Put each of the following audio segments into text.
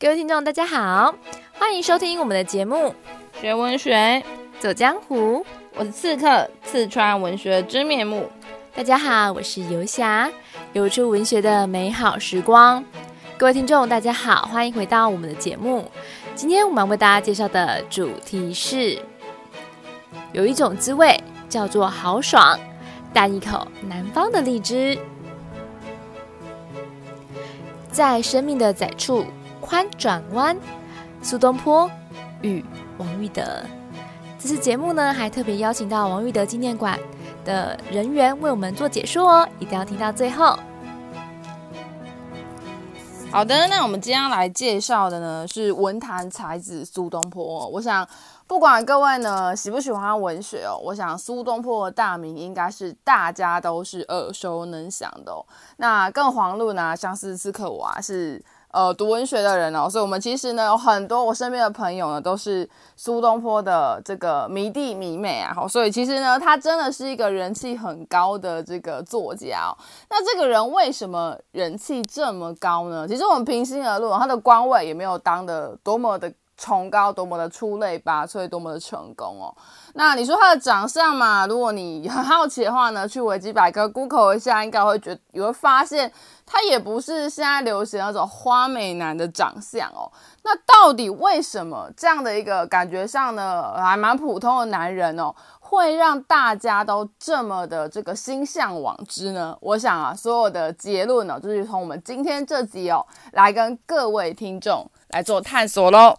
各位聽眾，大家好，歡迎收聽我們的節目《學文學走江湖》。我是刺客，刺穿文學真面目。大家好，我是游俠，游出文學的美好時光。各位聽眾，大家好，歡迎回到我們的節目。今天我們為大家介紹的主題是：有一種滋味叫做豪爽，啖一口南方的荔枝，在生命的窄處，寬轉彎，蘇東坡與王育德。這次節目呢，還特別邀請到王育德紀念館的人員為我們做解說哦，一定要聽到最後。好的，那我們今天要來介紹的呢是文壇才子蘇東坡哦。我想，不管各位呢喜不喜歡文學哦，我想蘇東坡的大名應該是大家都是耳熟能詳的哦。那更遑論呢，像是刺客啊是。呃，讀文學的人哦，所以我們其實呢，有很多我身邊的朋友呢，都是蘇東坡的這個迷弟迷妹啊。好，所以其實呢，他真的是一個人氣很高的這個作家哦。那這個人為什麼人氣這麼高呢？其實我們平心而論，他的官位也沒有當的多麼的高，崇高多麼的出類拔萃，多麼的成功哦！那你說他的長相嘛？如果你很好奇的話呢，去維基百科 Google 一下，應該會覺得，你會發現他也不是現在流行那種花美男的長相哦。那到底為什麼這樣的一個感覺上呢，還蠻普通的男人哦，會讓大家都這麼的這個心向往之呢？我想啊，所有的結論呢、哦，就是從我們今天這集哦，來跟各位聽眾來做探索咯。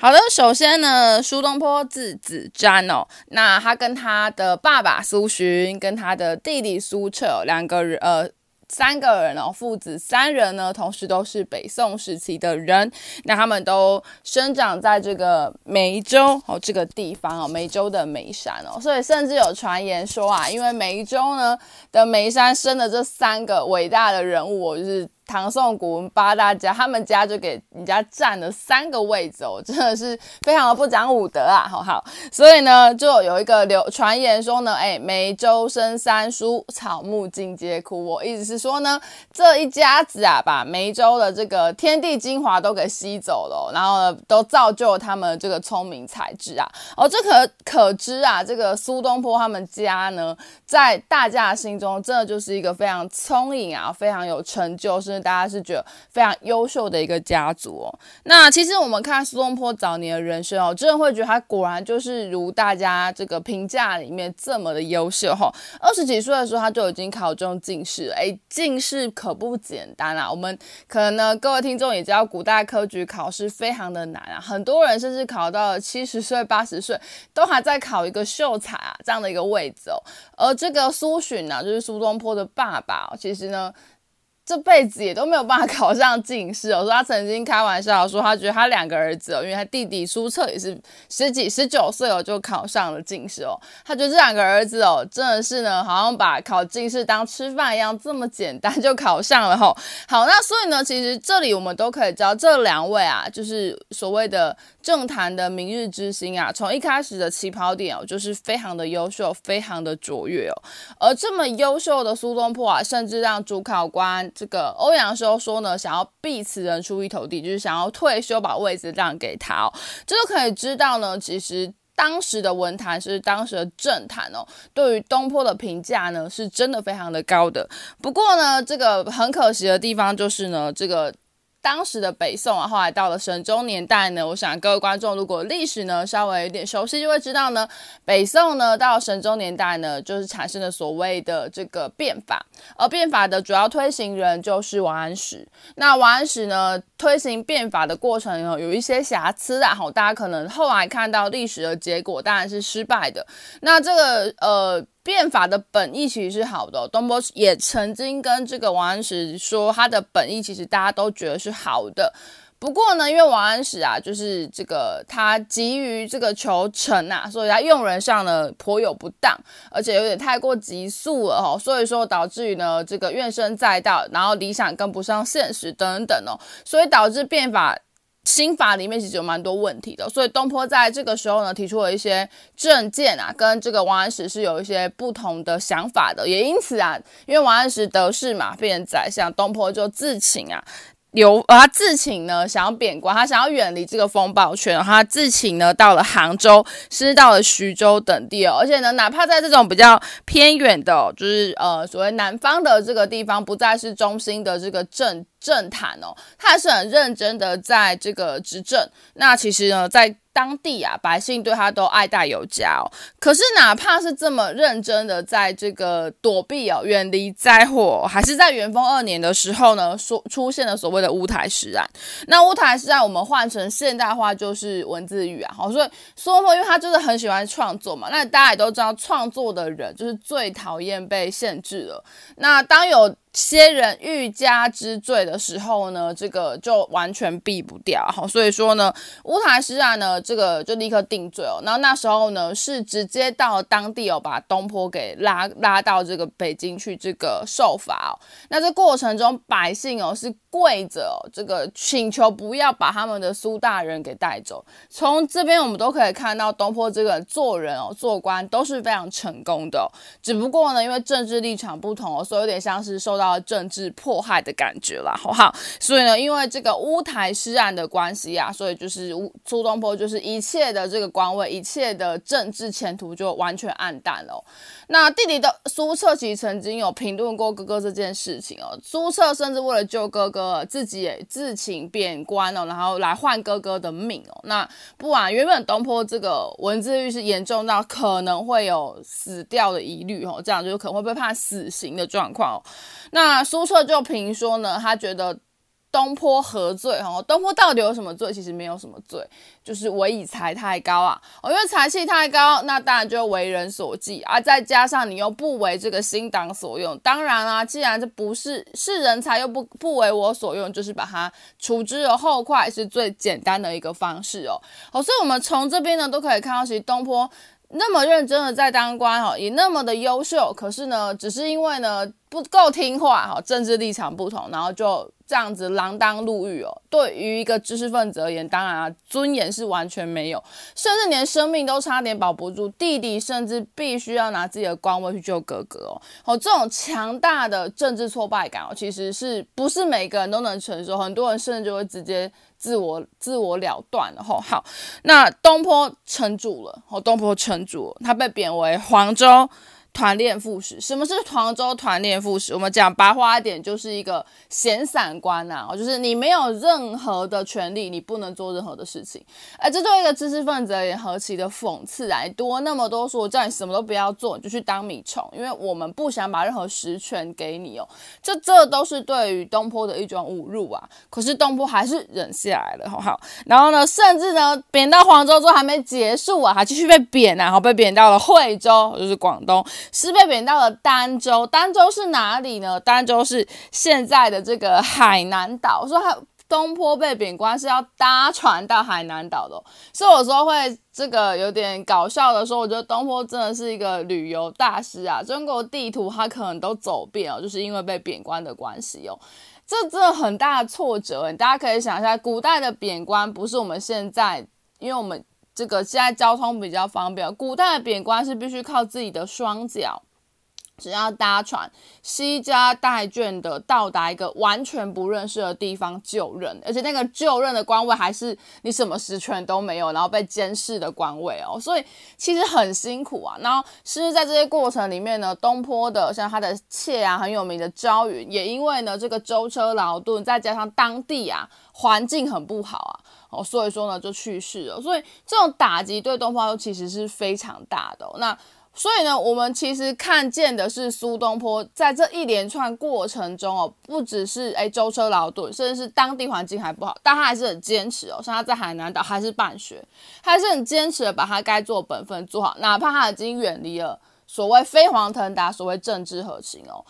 好的，首先呢，蘇東坡字子瞻哦，那他跟他的爸爸蘇洵，跟他的弟弟蘇轍，哦，兩個人，呃，三個人哦，父子三人呢，同時都是北宋時期的人，那他們都生長在這個眉州哦這個地方哦，眉州的眉山哦，所以甚至有傳言說啊，因為眉州呢的眉山生的這三個偉大的人物，就是。唐宋古文八大家，他們家就給人家占了三個位置哦，真的是非常的不講武德啊，好不好？所以呢，就有一個流傳言說呢，哎、欸，眉州生三蘇，草木盡皆枯。我意思是說呢，這一家子啊，把眉州的這個天地精華都給吸走了，哦，然後呢，都造就了他們這個聰明才智啊。哦，這可可知啊，這個蘇東坡他們家呢，在大家的心中真的就是一個非常聰穎啊，非常有成就。是大家是覺得非常優秀的一個家族哦。那其實我們看蘇東坡早年的人生哦，真的會覺得他果然就是如大家這個評價裡面這麼的優秀哦。二十幾歲的時候，他就已經考中進士了，誒，進士可不簡單啊。我們可能呢，各位聽眾也知道，古代科舉考試非常的難啊，很多人甚至考到了七十歲、八十歲都還在考一個秀才啊這樣的一個位置哦。而這個蘇洵呢、啊，就是蘇東坡的爸爸哦，其實呢。這輩子也都沒有辦法考上進士哦。說他曾經開玩笑說，他覺得他兩個兒子哦，因為他弟弟蘇轍也是十幾十九歲哦就考上了進士哦。他覺得這兩個兒子哦真的是呢，好像把考進士當吃飯一樣，這麼簡單就考上了哈、哦。好，那所以呢，其實這裡我們都可以知道，這兩位啊，就是所謂的。政壇的明日之星啊，從一開始的起跑點哦，就是非常的優秀，非常的卓越哦。而這麼優秀的蘇東坡啊，甚至讓主考官這個歐陽修說呢，想要避此人出一頭地，就是想要退休把位置讓給他哦。這就可以知道呢，其實當時的文壇是當時的政壇哦，對於東坡的評價呢，是真的非常的高的。不過呢，這個很可惜的地方就是呢，這個。當時的北宋啊，後來到了神宗年代呢，我想各位觀眾如果歷史呢稍微有點熟悉，就會知道呢，北宋呢到神宗年代呢，就是產生了所謂的這個變法，而變法的主要推行人就是王安石。那王安石呢推行變法的過程有有一些瑕疵，然後大家可能後來看到歷史的結果，當然是失敗的。那這個呃。變法的本意其實是好的，哦，東坡也曾經跟這個王安石說，他的本意其實大家都覺得是好的。不過呢，因為王安石啊，就是這個他急於這個求成啊，所以在用人上呢頗有不當，而且有點太過急速了哦，所以說導致於呢這個怨聲載道，然後理想跟不上現實等等哦，所以導致變法。新法裡面其實有蠻多問題的，所以東坡在這個時候呢，提出了一些政見啊，跟這個王安石是有一些不同的想法的。也因此啊，因為王安石得勢嘛，變成宰相，東坡就自請啊，由啊、呃、他自請呢，想要貶官，他想要遠離這個風暴圈，然後他自請呢到了杭州，甚至到了徐州等地，哦。而且呢，哪怕在這種比較偏遠的，哦，就是呃所謂南方的這個地方，不再是中心的這個政，政壇哦，他還是很認真的在這個執政。那其實呢，在當地啊，百姓對他都愛戴有加哦。可是哪怕是這麼認真的在這個躲避哦，遠離災禍，哦，還是在元豐二年的時候呢，所出現了所謂的烏臺詩案。那烏臺詩案，我們換成現代化就是文字獄啊。好，哦，所以蘇東坡因為他就是很喜歡創作嘛，那大家也都知道，創作的人就是最討厭被限制了。那當有些人欲加之罪的時候呢，這個就完全避不掉，好，所以說呢，烏臺詩案呢，這個就立刻定罪哦，然後那時候呢，是直接到當地哦，把東坡給拉拉到這個北京去這個受罰哦，那這過程中百姓哦是跪着哦，這個請求不要把他們的蘇大人給帶走。從這邊我們都可以看到，東坡這個人做人哦，做官都是非常成功的哦。只不過呢，因為政治立場不同哦，所以有點像是受到了政治迫害的感覺啦，好不好？所以呢，因為這個烏台詩案的關係啊，所以就是烏蘇東坡就是一切的這個官位，一切的政治前途就完全暗淡了哦。那弟弟的蘇轍其實曾經有評論過哥哥這件事情哦，蘇轍甚至為了救哥哥。呃，自己也自請貶官哦，然後來換哥哥的命哦。那不啊，原本東坡這個文字獄是嚴重到可能會有死掉的疑慮哦，這樣就可能會被判死刑的狀況哦。那蘇轍就評說呢，他覺得。東坡何罪？哈、哦，東坡到底有什麼罪？其實沒有什麼罪，就是唯以才太高啊。哦、因為才氣太高，那當然就為人所忌啊。再加上你又不為這個新黨所用，當然啊，既然這不是是人才又不不為我所用，就是把它，除之而後快，是最簡單的一個方式哦。好、哦，所以我們從這邊呢都可以看到，其實東坡那麼認真的在當官，哈，也那麼的優秀，可是呢，只是因為呢。不夠聽話哈，政治立場不同，然後就這樣子鋃鐺入獄哦。對於一個知識分子而言，當然啊，尊嚴是完全沒有，甚至連生命都差點保不住。弟弟甚至必須要拿自己的官位去救哥哥哦。哦，這種強大的政治挫敗感哦，其實是不是每個人都能承受？很多人甚至就會直接自我自我了斷。哦，好，那東坡撐住了哦，東坡撐住，他被貶為黃州團練副使，什麼是黃州團練副使？我們講白話點，就是一個閒散官啊，就是你沒有任何的權利，你不能做任何的事情。而這作為一個知識分子，也何其的諷刺啊！多那麼多書，我叫你什麼都不要做，你就去當米蟲，因為我們不想把任何實權給你哦。這這都是對於東坡的一種侮辱啊！可是東坡還是忍下來了，好不好。然後呢，甚至呢，貶到黃州之後還沒結束啊，還繼續被貶啊，然後被貶到了惠州，就是廣東。是被貶到了儋州，儋州是哪裡呢？儋州是現在的這個海南島。我說東坡被貶官是要搭船到海南島的哦，所以我說會這個有點搞笑的說，我覺得東坡真的是一個旅遊大師啊，中國地圖它可能都走遍了哦，就是因為被貶官的關係哦。這真的很大的挫折，大家可以想一下，古代的貶官不是我們現在，因為我們。這個現在交通比較方便，古代的貶官是必須靠自己的雙腳，只要搭船，攜家帶眷的到達一個完全不認識的地方就任，而且那個就任的官位還是你什麼實權都沒有，然後被監視的官位哦，所以其實很辛苦啊。然後甚至在這些過程裡面呢，東坡的像他的妾啊，很有名的朝雲，也因為呢這個舟車勞頓，再加上當地啊環境很不好啊。哦，所以說呢，就去世了。所以這種打擊對東坡其實是非常大的哦。那所以呢，我們其實看見的是蘇東坡在這一連串過程中哦，不只是誒舟車勞頓，甚至是當地環境還不好，但他還是很堅持哦，像他在海南島還是辦學，還是很堅持的把他該做的本分做好，哪怕他已經遠離了所謂飛黃騰達，所謂政治核心哦。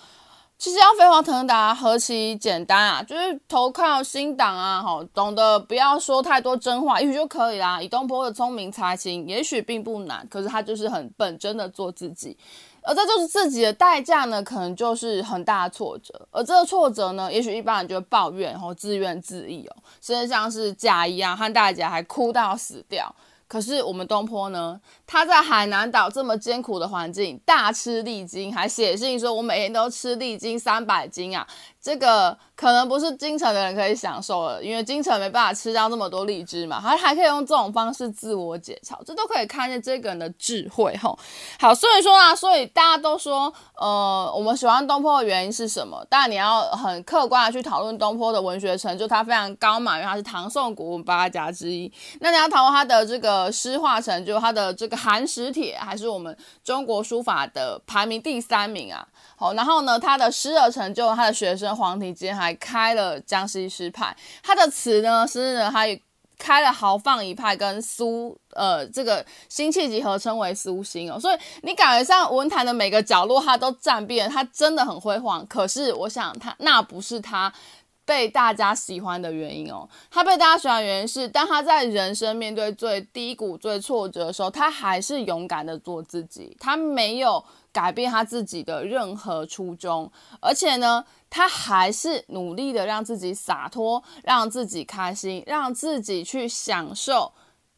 其實要飛黃騰達，啊，何其簡單啊！就是投靠新黨啊，吼，懂得不要說太多真話，也許就可以啦。以東坡的聰明才情，也許並不難，可是他就是很本真的做自己，而這就是自己的代價呢，可能就是很大的挫折。而這個挫折呢，也許一般人就會抱怨，吼，自怨自艾哦，甚至像是賈誼一樣和大家還哭到死掉。可是我們東坡呢？他在海南島這麼艱苦的環境，大吃荔枝，還寫信說：“我每天都吃荔枝三百斤啊。”這個可能不是京城的人可以享受了，因為京城沒辦法吃到這麼多荔枝嘛。還還可以用這種方式自我解嘲，這都可以看見這個人的智慧哈、哦。好，所以說啊，所以大家都說，呃，我們喜歡東坡的原因是什麼？當然你要很客觀的去討論東坡的文學成就，他非常高嘛，因為他是唐宋古文八大家之一。那你要討論他的這個詩畫成就，他的這個《寒食帖》還是我們中國書法的排名第三名啊。好、哦，然後呢，他的詩的成就，他的學生。黃庭堅還開了江西詩派，他的詞呢是呢，他也開了豪放一派跟蘇，跟蘇呃這個辛棄疾合稱為蘇辛，喔。哦。所以你感覺上文壇的每個角落，他都佔遍，他真的很輝煌。可是我想他，他那不是他，喔、他被大家喜歡的原因哦。他被大家喜歡的原因是，當他在人生面對最低谷，最挫折的時候，他還是勇敢的做自己，他沒有改變他自己的任何初衷，而且呢。他還是努力的讓自己灑脫，讓自己開心，讓自己去享受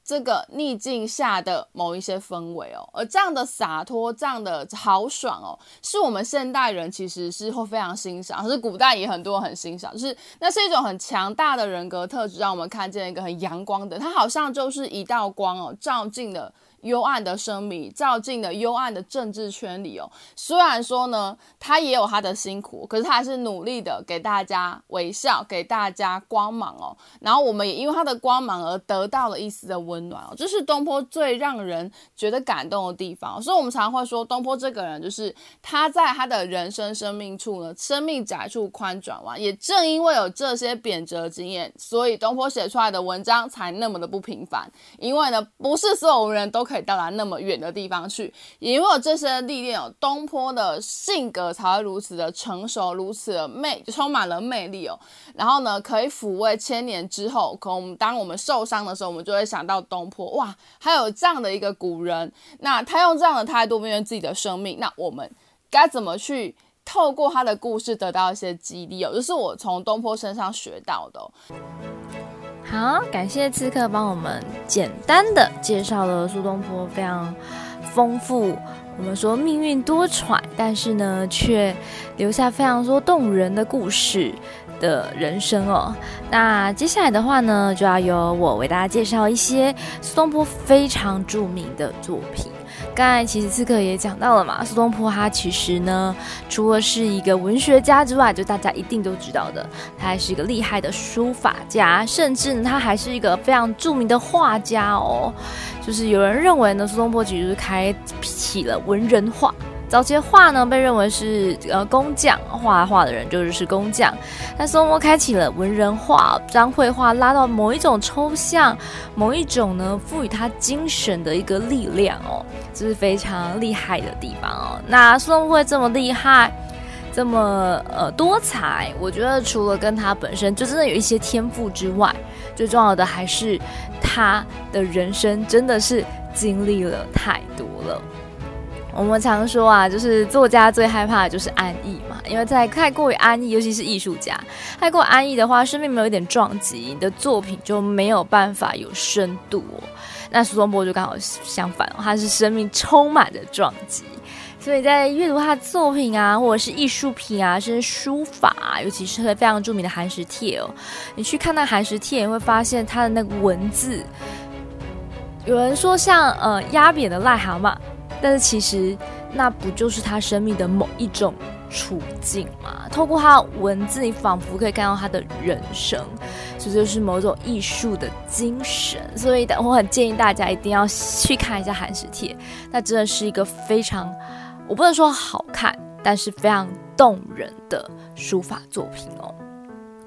這個逆境下的某一些氛圍哦。而這樣的灑脫，這樣的豪爽哦，是我們現代人其實是會非常欣賞，可是古代也很多人很欣賞，就是那是一種很強大的人格特質，讓我們看見一個很陽光的，它好像就是一道光哦，照進了。幽暗的生命照進了幽暗的政治圈裡哦，雖然說呢，他也有他的辛苦，可是他還是努力的給大家微笑，給大家光芒哦。然後我們也因為他的光芒而得到了一絲的溫暖哦，這是東坡最讓人覺得感動的地方哦。所以我們常會說，東坡這個人就是他在他的人生生命處呢，生命窄處寬轉彎。也正因為有這些貶謫經驗，所以東坡寫出來的文章才那麼的不平凡。因為呢，不是所有人都。可以到達那麼遠的地方去，也因為這些歷練哦，東坡的性格才會如此的成熟，如此的魅，充滿了魅力哦。然後呢，可以撫慰千年之後，可當我們受傷的時候，我們就會想到東坡，哇，還有這樣的一個古人，那他用這樣的態度面對自己的生命，那我們該怎麼去透過他的故事得到一些激勵哦？就是我從東坡身上學到的哦。好，感謝刺客幫我們簡單的介紹了蘇東坡非常豐富。我們說命運多舛，但是呢，卻留下非常多動人的故事的人生哦。那接下來的話呢，就要由我為大家介紹一些蘇東坡非常著名的作品。剛才其實刺客也講到了嘛，蘇東坡他其實呢，除了是一個文學家之外，就大家一定都知道的，他還是一個厲害的書法家，甚至呢，他還是一個非常著名的畫家哦。就是有人認為呢，蘇東坡其實是開啟了文人畫。早期畫呢，被認為是呃工匠畫畫的人，就是是工匠。但蘇軾開啟了文人畫，將繪畫拉到某一種抽象，某一種呢賦予他精神的一個力量哦，這、就是非常厲害的地方哦。那蘇軾會這麼厲害，這麼呃多才，我覺得除了跟他本身就真的有一些天賦之外，最重要的還是他的人生真的是經歷了太多了。我們常說啊，就是作家最害怕的就是安逸嘛，因為在太過於安逸，尤其是藝術家，太過於安逸的話，生命沒有一點撞擊，你的作品就沒有辦法有深度哦。那蘇東坡就剛好相反哦，他是生命充滿着撞擊，所以在閱讀他的作品啊，或者是藝術品啊，甚至書法啊，尤其是非常著名的《寒食帖》，哦，你去看那《寒食帖》，你會發現他的那個文字，有人說像呃壓扁的癩蛤蟆。但是其實，那不就是他生命的某一種處境嗎？透過他文字，你仿佛可以看到他的人生，所以就是某種藝術的精神。所以我很建議大家一定要去看一下《寒食帖》，那真的是一個非常，我不能說好看，但是非常動人的書法作品哦。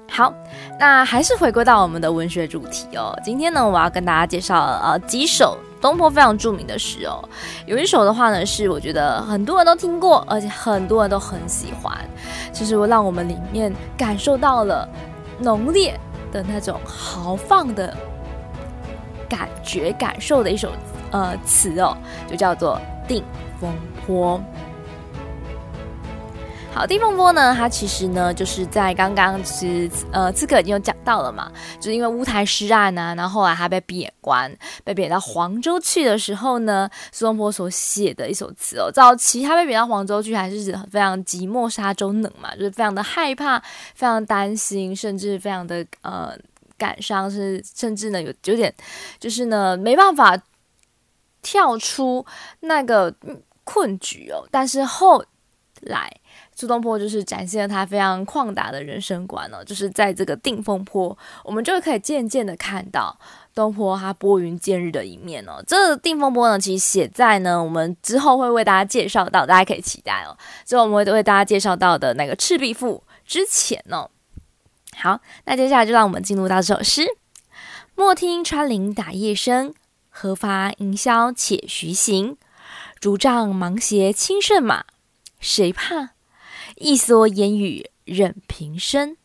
好，那還是回歸到我們的文學主題哦。今天呢，我要跟大家介紹了呃幾首。東坡非常著名的詩哦，有一首的話呢，是我覺得很多人都聽過，而且很多人都很喜歡，就是讓我們裡面感受到了濃烈的那種豪放的感覺、感受的一首呃詞哦，就叫做《定風波》。好，定風波呢，他其實呢，就是在剛剛其實呃，此刻已經有講到了嘛，就是因為烏台詩案啊，然後後來他被貶官，被貶到黃州去的時候呢，蘇東坡所寫的一首詞哦，早期他被貶到黃州去，還是非常寂寞，沙洲冷嘛，就是非常的害怕，非常擔心，甚至非常的呃感傷，是甚至呢有有點，就是呢沒辦法跳出那個困局哦，但是後來，蘇東坡就是展現了他非常曠達的人生觀了、哦，就是在這個《定風波》，我們就可以漸漸的看到東坡他撥雲見日的一面哦。這個《定風波》呢，其實寫在呢，我們之後會為大家介紹到，大家可以期待哦。之後我們會為大家介紹到的那個《赤壁賦》之前呢、哦。好，那接下來就讓我們進入到這首詩：莫聽穿林打葉聲，何妨吟嘯且徐行。竹杖芒鞋輕勝馬，誰怕？一蓑煙雨任平生，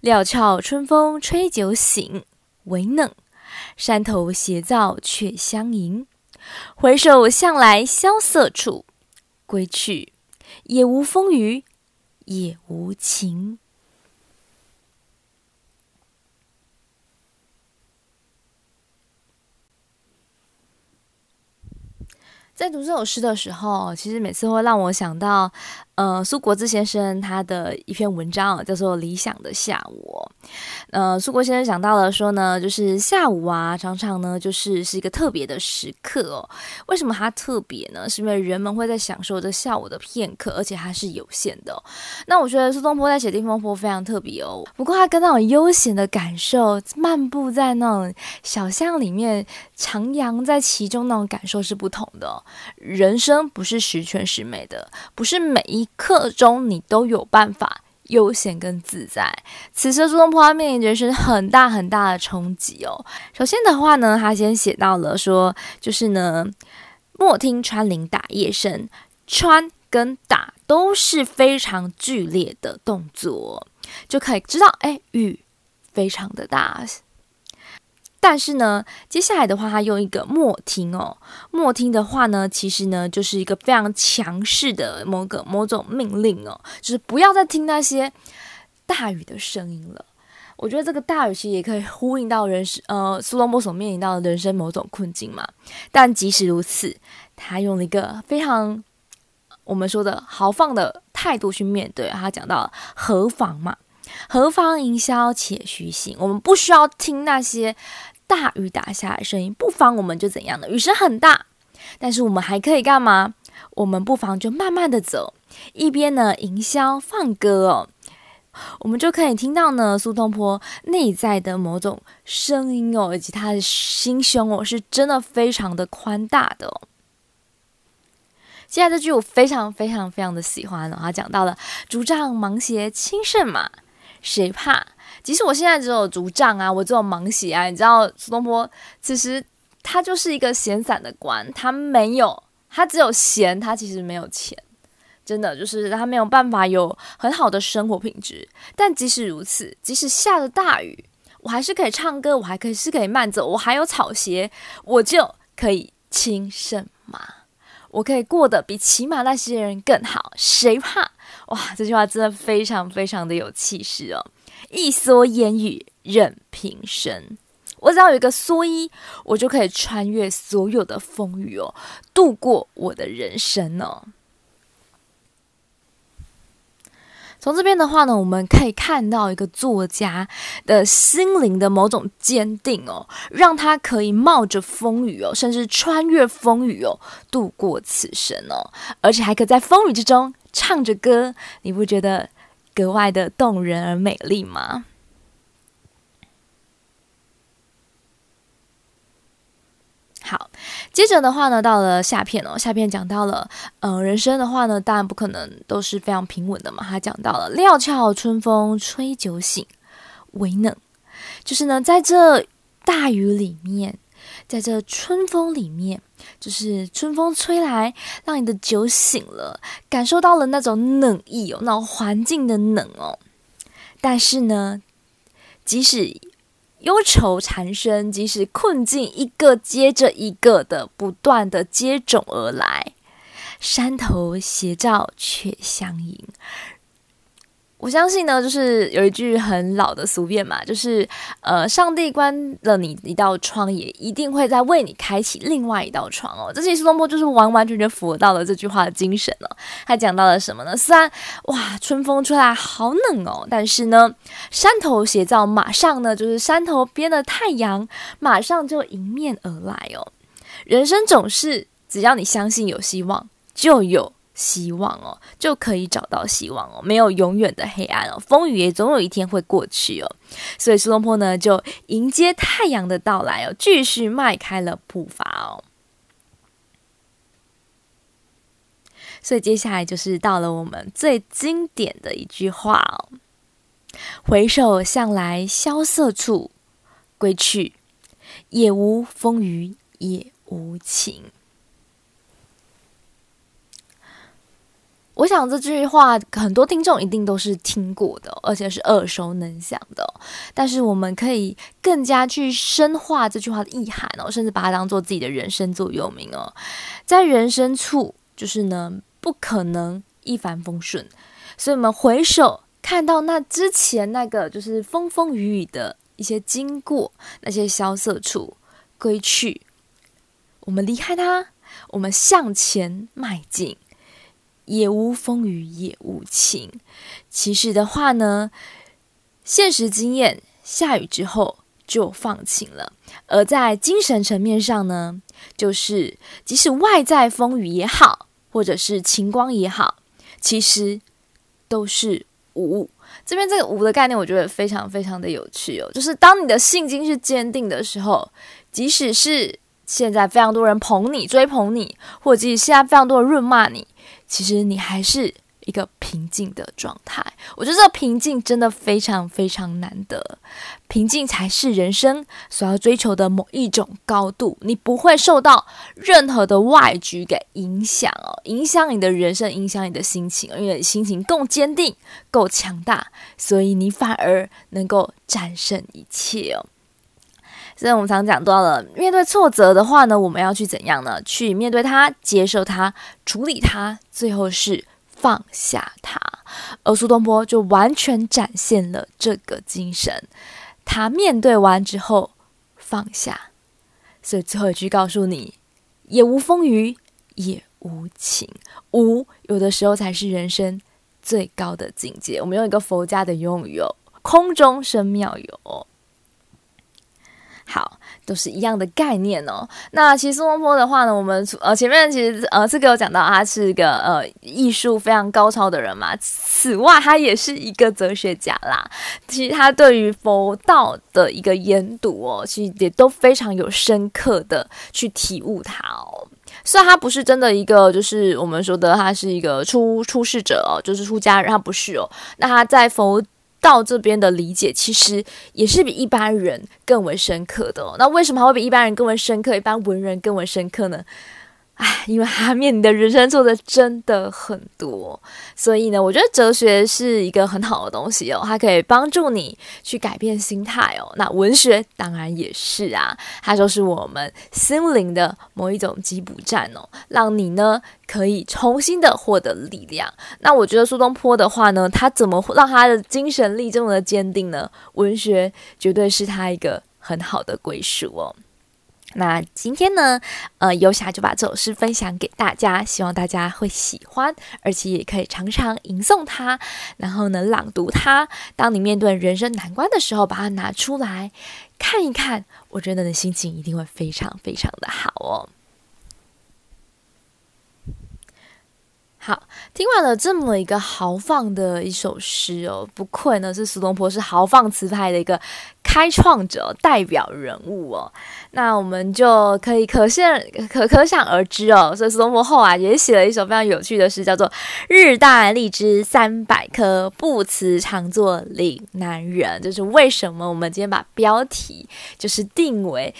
料峭春風吹酒醒，微冷，山頭斜照卻相迎。回首向來蕭瑟處，歸去，也無風雨，也無晴。 在讀這首詩的時候，其實每次會讓我想到。呃，舒國治先生他的一篇文章啊，叫做《理想的下午》。呃，舒國先生講到了說呢，就是下午啊，常常呢就是是一個特別的時刻哦。為什麼它特別呢？是因為人們會在享受着下午的片刻，而且它是有限的，哦。那我覺得蘇東坡在寫《定風波》非常特別哦。不過，他跟那種悠閒的感受，漫步在那種小巷裡面，徜徉在其中那種感受是不同的，哦。人生不是十全十美的，不是每一。課中你都有辦法悠閒跟自在。此時蘇東坡他面臨人生很大很大的衝擊哦。首先的話呢，他先寫到了說，就是呢，莫聽穿林打葉聲，穿跟打都是非常劇烈的動作，就可以知道，哎，雨非常的大。但是呢，接下來的話，他用一個“莫聽”哦，“莫聽”的話呢，其實呢，就是一個非常強勢的某個某種命令哦，就是不要再聽那些大雨的聲音了。我覺得這個大雨其實也可以呼應到人是呃，蘇東坡所面臨到的人生某種困境嘛。但即使如此，他用了一個非常我們說的豪放的態度去面對。他講到何妨嘛，何妨吟嘯且徐行，我們不需要聽那些。大雨打下的聲音，不妨我們就怎樣的？雨聲很大，但是我們還可以幹嘛？我們不妨就慢慢的走，一邊呢，吟嘯放歌哦，我們就可以聽到呢，蘇東坡內在的某種聲音哦，以及他的心胸哦，是真的非常的寬大的哦。接下來這句我非常非常非常的喜歡，他講到了“竹杖芒鞋輕勝馬，誰怕？”即使我現在只有竹杖啊，我只有芒鞋啊，你知道蘇東坡其實他就是一個閒散的官，他沒有，他只有閒，他其實沒有錢，真的就是他沒有辦法有很好的生活品質。但即使如此，即使下了大雨，我還是可以唱歌，我還可以是可以慢走，我還有草鞋，我就可以輕勝馬，我可以過得比騎馬那些人更好，誰怕？哇，這句話真的非常非常的有氣勢哦。一蓑煙雨任平生，我只要有一個蓑衣，我就可以穿越所有的風雨哦，度過我的人生哦。從這邊的話呢，我們可以看到一個作家的心靈的某種堅定哦，讓他可以冒着風雨哦，甚至穿越風雨哦，度過此生哦，而且還可在風雨之中唱着歌，你不覺得？格外的動人而美麗嗎？好，接着的話呢，到了下片哦，下片講到了，嗯、呃，人生的話呢，當然不可能都是非常平穩的嘛。他講到了“料峭春風吹酒醒，微冷”，就是呢，在這大雨裡面，在這春風裡面。就是春風吹來，讓你的酒醒了，感受到了那種冷意，有、哦、那種環境的冷哦。但是呢，即使憂愁纏身，即使困境一個接着一個的不斷的接踵而來，山頭斜照卻相迎。我相信呢，就是有一句很老的俗諺嘛，就是呃，上帝關了你一道窗，也一定會再為你開啟另外一道窗哦。這些蘇東坡就是完完全全符合到了這句話的精神了哦。他講到了什麼呢？雖然哇，春風吹來好冷哦，但是呢，山頭斜照馬上呢，就是山頭邊的太陽馬上就迎面而來哦。人生總是只要你相信有希望，就有。希望哦，就可以找到希望哦，沒有永遠的黑暗哦，風雨也總有一天會過去哦，所以蘇東坡呢就迎接太陽的到來哦，繼續邁開了步伐哦。所以接下來就是到了我們最經典的一句話哦：“回首向來蕭瑟處，歸去，也無風雨也無晴。”我想這句話很多聽眾一定都是聽過的哦，而且是耳熟能詳的哦。但是我們可以更加去深化這句話的意涵哦，甚至把它當做自己的人生座右銘哦。在人生處，就是呢，不可能一帆風順，所以我們回首看到那之前那個就是風風雨雨的一些經過，那些蕭瑟處歸去，我們離開它，我們向前邁進。也無風雨也無晴。其實的話呢，現實經驗，下雨之後就放晴了。而在精神層面上呢，就是即使外在風雨也好，或者是晴光也好，其實都是無。這邊這個“無”的概念，我覺得非常非常的有趣哦。就是當你的心境是堅定的時候，即使是現在非常多人捧你、追捧你，或者即使現在非常多人辱罵你。其實你還是一個平靜的狀態，我覺得這平靜真的非常非常難得，平靜才是人生所要追求的某一種高度。你不會受到任何的外局給影響哦，影響你的人生，影響你的心情哦，因為你心情夠堅定、夠強大，所以你反而能夠戰勝一切哦。所以，我們常講到了，面對挫折的話呢，我們要去怎樣呢？去面對它，接受它，處理它，最後是放下它。而蘇東坡就完全展現了這個精神，他面對完之後放下。所以最後一句告訴你：也無風雨，也無晴。無有的時候才是人生最高的境界。我們用一個佛家的用語哦，空中生妙有。好，都是一樣的概念哦。那其實蘇東坡的話呢，我們呃前面其實呃這個有講到，他是一個呃藝術非常高超的人嘛。此外，他也是一個哲學家啦。其實他對於佛道的一個研讀哦，其實也都非常有深刻的去體悟他哦。雖然他不是真的一個，就是我們說的，他是一個出出世者哦，就是出家人，他不是哦。那他在佛。到這邊的理解其實也是比一般人更為深刻的哦。那為什麼還會比一般人更為深刻，一般文人更為深刻呢？唉，因為他面臨的人生挫折真的很多，所以呢，我覺得哲學是一個很好的東西哦，它可以幫助你去改變心態哦。那文學當然也是啊，它就是我們心靈的某一種補給站哦，讓你呢可以重新的獲得力量。那我覺得蘇東坡的話呢，他怎麼讓他的精神力這麼的堅定呢？文學絕對是他一個很好的歸屬哦。那今天呢，呃，游俠就把這首詩分享給大家，希望大家會喜歡，而且也可以常常吟誦它，然後呢，朗讀它。當你面對人生難關的時候，把它拿出來看一看，我覺得你的心情一定會非常非常的好哦。好，聽完了這麼一個豪放的一首詩哦，不愧呢是蘇東坡，是豪放詞派的一個。開創者代表人物哦，那我們就可以可現可可想而知哦，所以蘇東坡後啊也寫了一首非常有趣的詩，叫做《日啖荔枝三百顆，不辭長作嶺南人》。就是為什麼我們今天把標題就是定為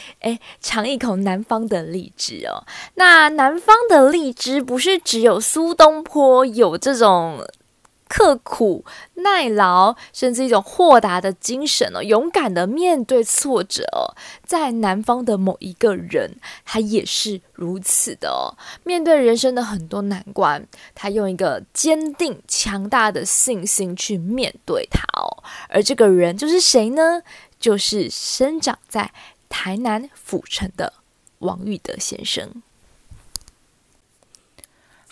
誒，嘗一口南方的荔枝哦，那南方的荔枝不是只有蘇東坡有這種？刻苦耐勞，甚至一種豁達的精神哦，勇敢的面對挫折。在南方的某一個人，他也是如此的哦，面對人生的很多難關，他用一個堅定強大的信心去面對他哦。而這個人就是誰呢？就是生長在台南府城的王育德先生。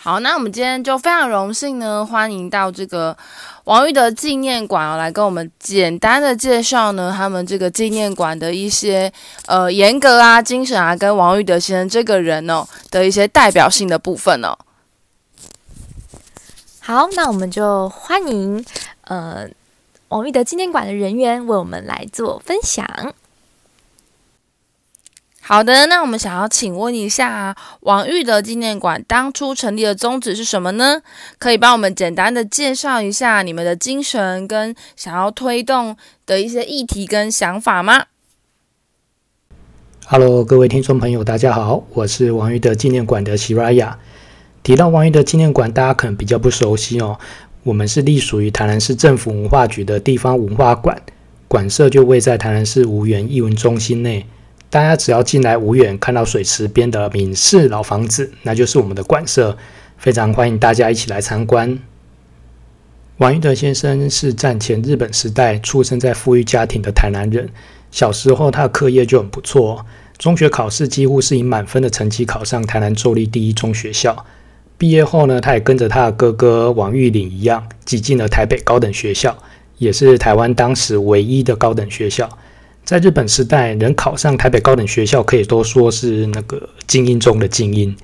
好，那我們今天就非常榮幸呢，歡迎到這個王育德紀念館哦，來跟我們簡單的介紹呢，他們這個紀念館的一些呃嚴格啊精神啊，跟王育德先生這個人哦的一些代表性的部分哦。好，那我們就歡迎呃王育德紀念館的人員為我們來做分享。好的，那我們想要請問一下，王育德紀念館當初成立的宗旨是什麼呢？可以幫我們簡單的介紹一下你們的精神跟想要推動的一些議題跟想法嗎？Hello，各位聽眾朋友，大家好，我是王育德紀念館的西拉雅。提到王育德紀念館，大家可能比較不熟悉哦。我們是隸屬於台南市政府文化局的地方文化館，館舍就位在台南市吳園藝文中心內。大家只要進來無遠，看到水池邊的閩式老房子，那就是我們的館舍，非常歡迎大家一起來參觀。王育德先生是戰前日本時代出生在富裕家庭的台南人，小時候他的課業就很不錯，中學考試幾乎是以滿分的成績考上台南州立第一中學校。畢業後呢，他也跟着他的哥哥王育霖一樣，擠進了台北高等學校，也是台灣當時唯一的高等學校。在日本時代，能考上台北高等學校，可以都說是那個精英中的精英。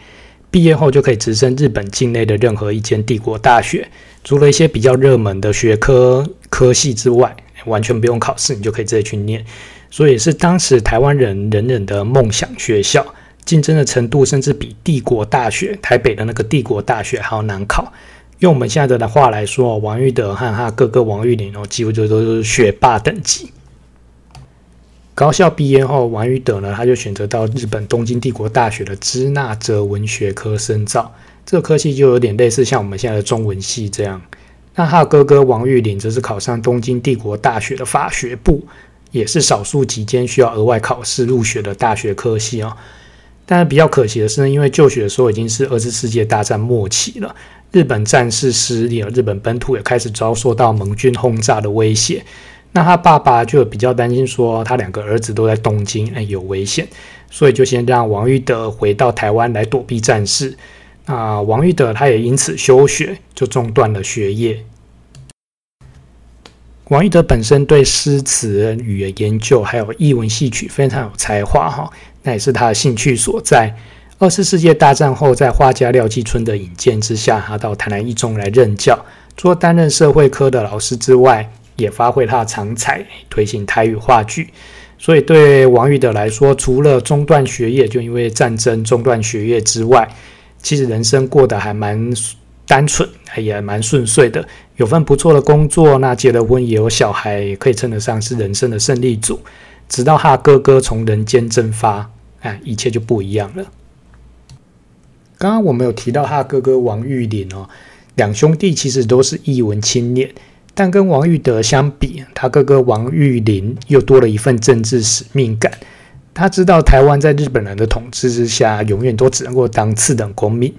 畢業後就可以直升日本境內的任何一間帝國大學，除了一些比較熱門的學科科系之外，完全不用考試，你就可以直接去念。所以是當時台灣人人人人的夢想學校，競爭的程度甚至比帝國大學台北的那個帝國大學還要難考。用我們現在的話來說，王育德和他哥哥王育霖，幾乎就都是學霸等級。高校畢業後，王育德呢，他就選擇到日本東京帝國大學的支那哲文學科深造，這個科系就有點類似像我們現在的中文系這樣。那他的哥哥王育霖則是考上東京帝國大學的法學部，也是少數幾間需要額外考試入學的大學科系哦，但是比較可惜的是呢，因為就學的時候已經是二次世界大戰末期了，日本戰事失利了，日本本土也開始遭受到盟軍轟炸的威脅。那他爸爸就比較擔心，說他兩個兒子都在東京，哎、有危險，所以就先讓王育德回到台灣來躲避戰事。那王育德他也因此休學，就中斷了學業。王育德本身對詩詞語言研究，還有藝文戲曲非常有才華，哈，那也是他的興趣所在。二次世界大戰後，在畫家廖繼春的引薦之下，他到台南一中來任教，除了擔任社會科的老師之外。也發揮他的長才，推行台語話劇。所以對王育德來說，除了中斷學業，就因為戰爭中斷學業之外，其實人生過得還蠻單純，也還蠻順遂的，有份不錯的工作，那結了婚，也有小孩，也可以稱得上是人生的勝利組。直到他哥哥從人間蒸發，哎，一切就不一樣了。剛剛我們有提到他的哥哥王育霖哦，兩兄弟其實都是藝文青年。但跟王育德相比，他哥哥王育霖又多了一份政治使命感。他知道台灣在日本人的統治之下，永遠都只能夠當次等公民，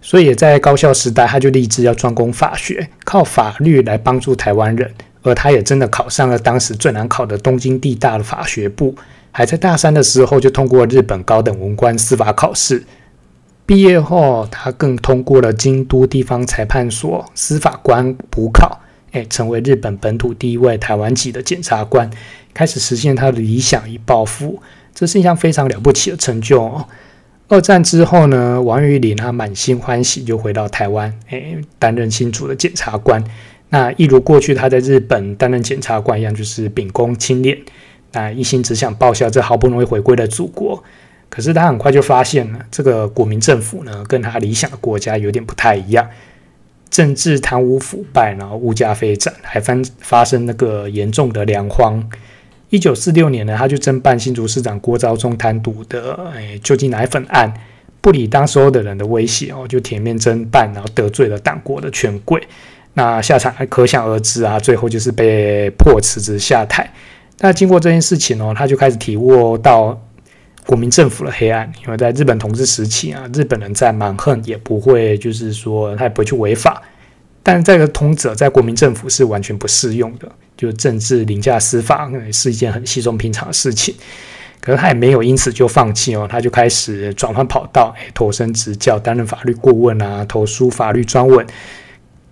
所以，在高校時代，他就立志要專攻法學，靠法律來幫助台灣人。而他也真的考上了當時最難考的東京地大的法學部，還在大三的時候就通過日本高等文官司法考試。畢業後，他更通過了京都地方裁判所司法官補考。哎，成為日本本土第一位台灣籍的檢察官，開始實現他的理想與抱負，這是一項非常了不起的成就，哦。二戰之後呢，王育霖他滿心歡喜就回到台灣，哎，擔任新竹的檢察官。那一如過去他在日本擔任檢察官一樣，就是秉公清廉，那一心只想報效這好不容易回歸的祖國。可是他很快就發現了，這個國民政府呢，跟他理想的國家有點不太一樣。政治貪污腐敗，然後物價飛漲，還發發生那個嚴重的糧荒。一九四六年呢，他就偵辦新竹市長郭紹宗貪瀆的、欸，究竟哪一份案？不理當所有的人的威脅哦，就鐵面偵辦，然後得罪了黨國的權貴，那下場可想而知啊！最後就是被迫辭職下台。那經過這件事情哦、喔，他就開始體悟到。國民政府的黑暗，因為在日本統治時期啊，日本人再蠻橫也不會，就是說他也不會去違法。但這個通則在國民政府是完全不適用的，就是政治凌駕司法是一件很稀鬆平常的事情。可是他也沒有因此就放棄哦，他就開始轉換跑道，哎，投身執教，擔任法律顧問啊，投書法律專文。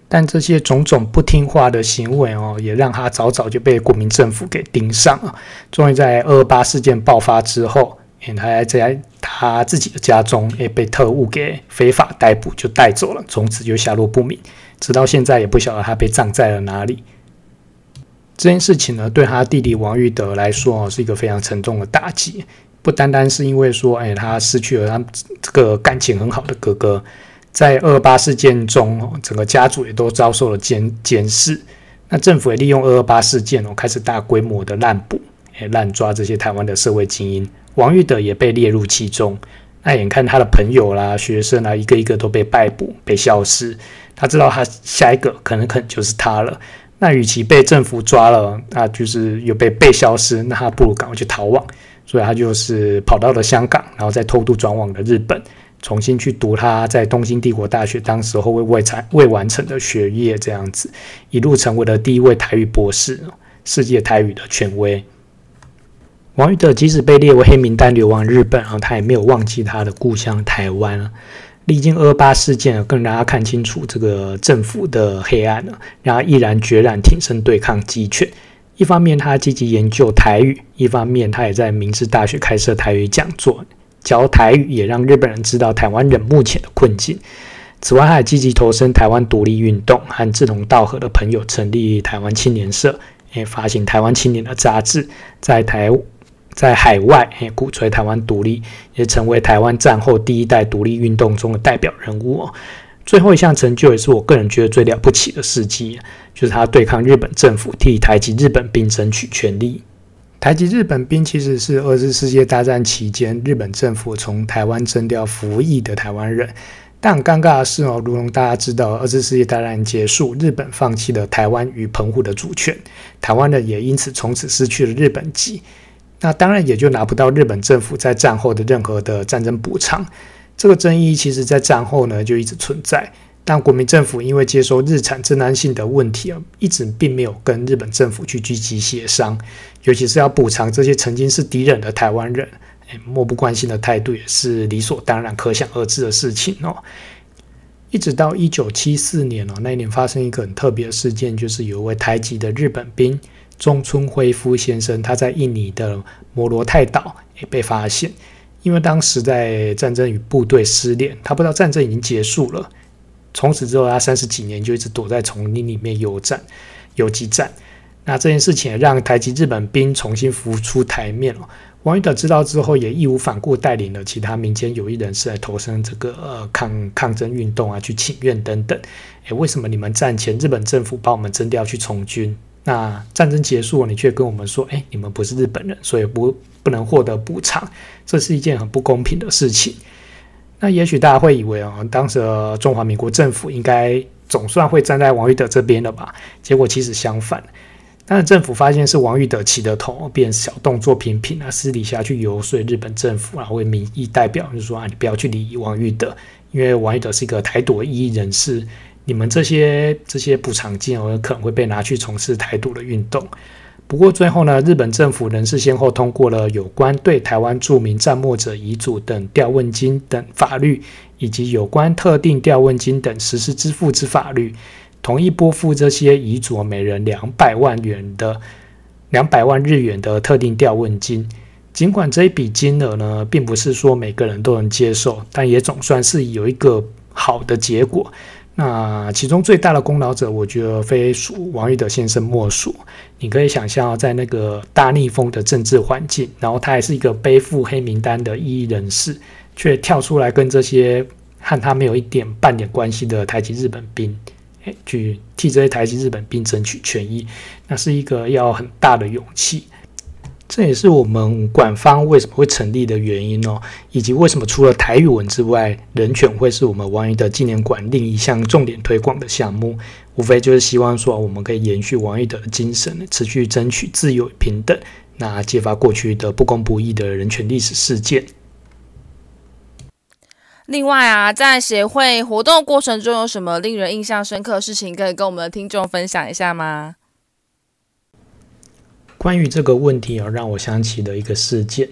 但這些種種不聽話的行為哦，也讓他早早就被國民政府給盯上啊。終於在二二八事件爆發之後。哎，他在他自己的家中，也被特務給非法逮捕，就帶走了，從此就下落不明，直到現在也不曉得他被葬在了哪裡。這件事情呢，對他弟弟王育德來說，是一個非常沉重的打擊。不單單是因為說，哎，他失去了他這個感情很好的哥哥，在二二八事件中，整個家族也都遭受了監監視。那政府也利用二二八事件哦，開始大規模的濫捕，哎，濫抓這些台灣的社會精英。王育德也被列入其中。那眼看他的朋友啦、學生啊，一個一個都被逮捕、被消失，他知道他下一個可能可能就是他了。那與其被政府抓了，那就是又被被消失，那他不如趕快去逃亡。所以他就是跑到了香港，然後再偷渡轉往了日本，重新去讀他在東京帝國大學當時候未未才未完成的學業，這樣子一路成為了第一位台語博士，世界台語的權威。王育德即使被列為黑名單流亡日本、啊，然後他也沒有忘記他的故鄉台灣、啊。歷經二八事件、啊，更讓他看清楚這個政府的黑暗、啊，然後毅然決然挺身對抗極權。一方面他積極研究台語，一方面他也在明治大學開設台語講座，教台語也讓日本人知道台灣人目前的困境。此外，他還積極投身台灣獨立運動，和志同道合的朋友成立台灣青年社，也發行台灣青年的雜誌，在台。在海外，欸，鼓吹台灣獨立，也成為台灣戰後第一代獨立運動中的代表人物。最後一項成就也是我個人覺得最了不起的事蹟，就是他對抗日本政府，替台籍日本兵爭取權利。台籍日本兵其實是二次世界大戰期間日本政府從台灣徵調服役的台灣人，但很尷尬的是哦，如同大家知道，二次世界大戰結束，日本放棄了台灣與澎湖的主權，台灣呢也因此從此失去了日本籍。那當然也就拿不到日本政府在戰後的任何的戰爭補償。這個爭議其實在戰後呢就一直存在，但國民政府因為接收日產正當性的問題啊，一直並沒有跟日本政府去積極協商，尤其是要補償這些曾經是敵人的台灣人，哎，漠不關心的態度也是理所當然、可想而知的事情哦。一直到一九七四年哦，那一年發生一個很特別的事件，就是有一位台籍的日本兵。中村輝夫先生，他在印尼的摩羅泰島也被發現，因為當時在戰爭與部隊失聯，他不知道戰爭已經結束了。從此之後，他三十幾年就一直躲在叢林裡面游擊戰。游擊戰，那這件事情讓台籍日本兵重新浮出台面了。王育德知道之後，也義無反顧帶領了其他民間有意人士來投身這個呃抗抗爭運動啊，去請願等等。哎、欸，為什麼你們戰前日本政府把我們徵調去從軍？那戰爭結束，你卻跟我們說：“哎、欸，你們不是日本人，所以不不能獲得補償。”這是一件很不公平的事情。那也許大家會以為啊、哦，當時的中華民國政府應該總算會站在王育德這邊的吧？結果其實相反。但是政府發現是王育德起的頭，變小動作頻頻啊，私底下去游說日本政府啊，為民意代表就是說：“啊，你不要去理王育德，因為王育德是一個台獨異議人士。”你們這些這些補償金額可能會被拿去從事台獨的運動。不過最後呢，日本政府人士先後通過了有關對台灣住民戰歿者遺囑等調問金等法律，以及有關特定調問金等實施支付之法律，同意撥付這些遺囑每人兩百萬元的兩百萬日元的特定調問金。儘管這一筆金額呢，並不是說每個人都能接受，但也總算是有一個好的結果。那其中最大的功勞者，我覺得非屬王育德先生莫屬。你可以想象在那個大逆風的政治環境，然後他還是一個背負黑名單的異議人士，卻跳出來跟這些和他沒有一點半點關係的台籍日本兵，哎，去替這些台籍日本兵爭取權益，那是一個要很大的勇氣。這也是我們館方為什麼會成立的原因哦，以及為什麼除了台語文之外，人權會是我們王育德紀念館另一項重點推廣的項目，無非就是希望說我們可以延續王育德的精神，持續爭取自由平等，那揭發過去的不公不義的人權歷史事件。另外啊，在協會活動過程中有什麼令人印象深刻的事情，可以跟我們的聽眾分享一下嗎？關於這個問題啊，讓我想起的一個事件。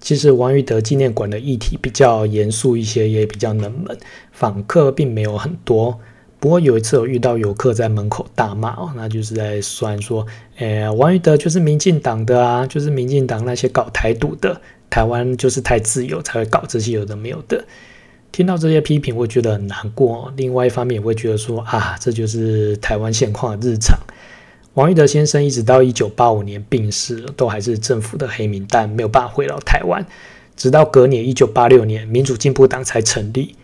其實王育德紀念館的議題比較嚴肅一些，也比較冷門，訪客並沒有很多。不過有一次，我遇到遊客在門口大罵哦，那就是在算說，哎，王育德就是民進黨的啊，就是民進黨那些搞台獨的，台灣就是太自由才會搞這些有的沒有的。聽到這些批評，會覺得很難過哦，另外一方面，也會覺得說啊，這就是台灣現況的日常。王育德先生一直到一九八五年病逝，都還是政府的黑名單，沒有辦法回到台灣。直到隔年一九八六年，民主進步黨才成立。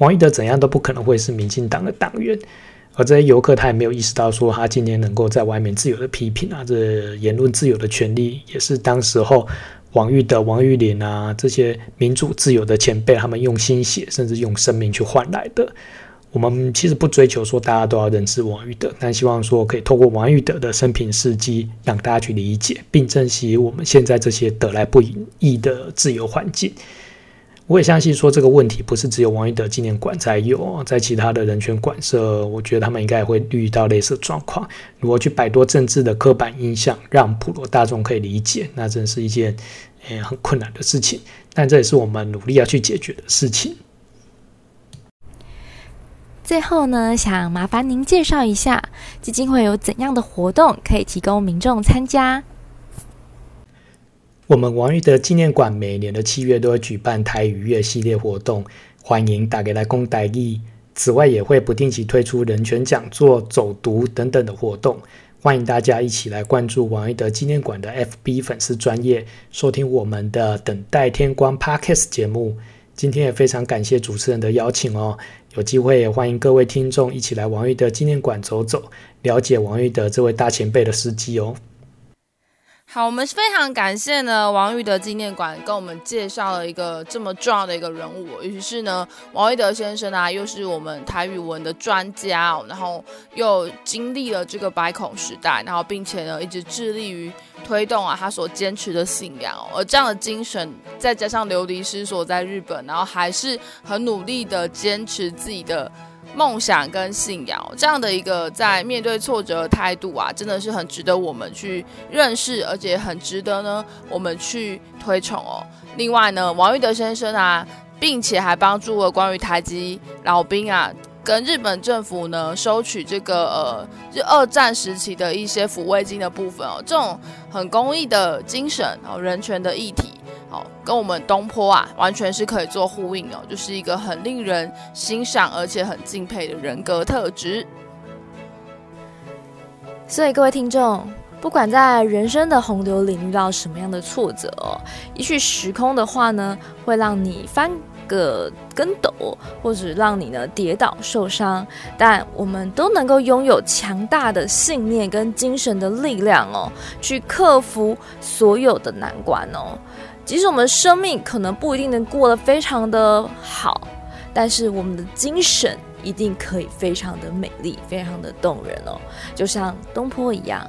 王育德怎樣都不可能會是民進黨的黨員，而這些遊客他也沒有意識到，說他今年能夠在外面自由的批評啊，這言論自由的權利，也是當時候王育德、王育霖啊這些民主自由的前輩，他們用心血甚至用生命去換來的。我們其實不追求說大家都要認知王育德，但希望說可以透過王育德的生平事蹟，讓大家去理解並珍惜我們現在這些得來不易的自由環境。我也相信說這個問題不是只有王育德紀念館才有，在其他的人權館舍，我覺得他們應該也會遇到類似狀況。如果去擺脫政治的刻板印象，讓普羅大眾可以理解，那真是一件、哎、很困難的事情。但這也是我們努力要去解決的事情。最後呢，想麻煩您介紹一下基金會有怎樣的活動可以提供民眾參加？我們王育德紀念館每年的七月都會舉辦台語月系列活動，歡迎大家來講台語。此外，也會不定期推出人權講座、走讀等等的活動，歡迎大家一起來關注王育德紀念館的 FB 粉絲專頁，收聽我們的“等待天光 ”Podcast 節目。今天也非常感謝主持人的邀請哦，有機會也歡迎各位聽眾一起來王育德紀念館走走，了解王育德這位大前輩的事蹟哦。好，我們非常感謝呢，王育德紀念館跟我們介紹了一個這麼重要的一個人物。於是呢，王育德先生呢、啊，又是我們台語文的專家、哦、然後又經歷了這個白恐時代，然後並且呢，一直致力於推動啊他所堅持的信仰、哦。而這樣的精神，再加上流離失所在日本，然後還是很努力的堅持自己的。夢想跟信仰這樣的一個在面對挫折的態度啊，真的是很值得我們去認識，而且很值得呢我們去推崇哦。另外呢，王育德先生啊，並且還幫助了關於台籍老兵啊，跟日本政府呢收取這個呃二戰時期的一些撫慰金的部分哦，這種很公益的精神哦，人權的議題。好、哦，跟我們東坡啊，完全是可以做呼應哦，就是一個很令人欣賞而且很敬佩的人格特質。所以各位聽眾，不管在人生的洪流裡遇到什麼樣的挫折、哦、一句時空的話呢，會讓你翻個跟斗，或者讓你呢跌倒受傷，但我們都能夠擁有強大的信念跟精神的力量哦，去克服所有的難關哦。即使我們生命可能不一定能過得非常的好，但是我們的精神一定可以非常的美麗，非常的動人哦。就像東坡一樣，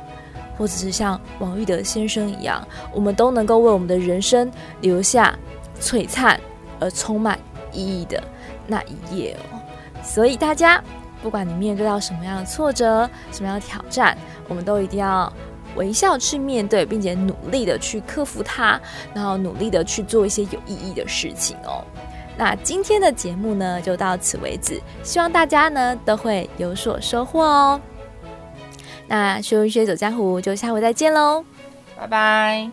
或者是像王育德先生一樣，我們都能夠為我們的人生留下璀璨而充滿意義的那一頁哦。所以大家，不管你面對到什麼樣的挫折、什麼樣的挑戰，我們都一定要。微笑去面對，並且努力的去克服它，然後努力的去做一些有意義的事情哦。那今天的節目呢，就到此為止，希望大家呢都會有所收穫哦。那學文學走江湖，就下回再見嘍，拜拜。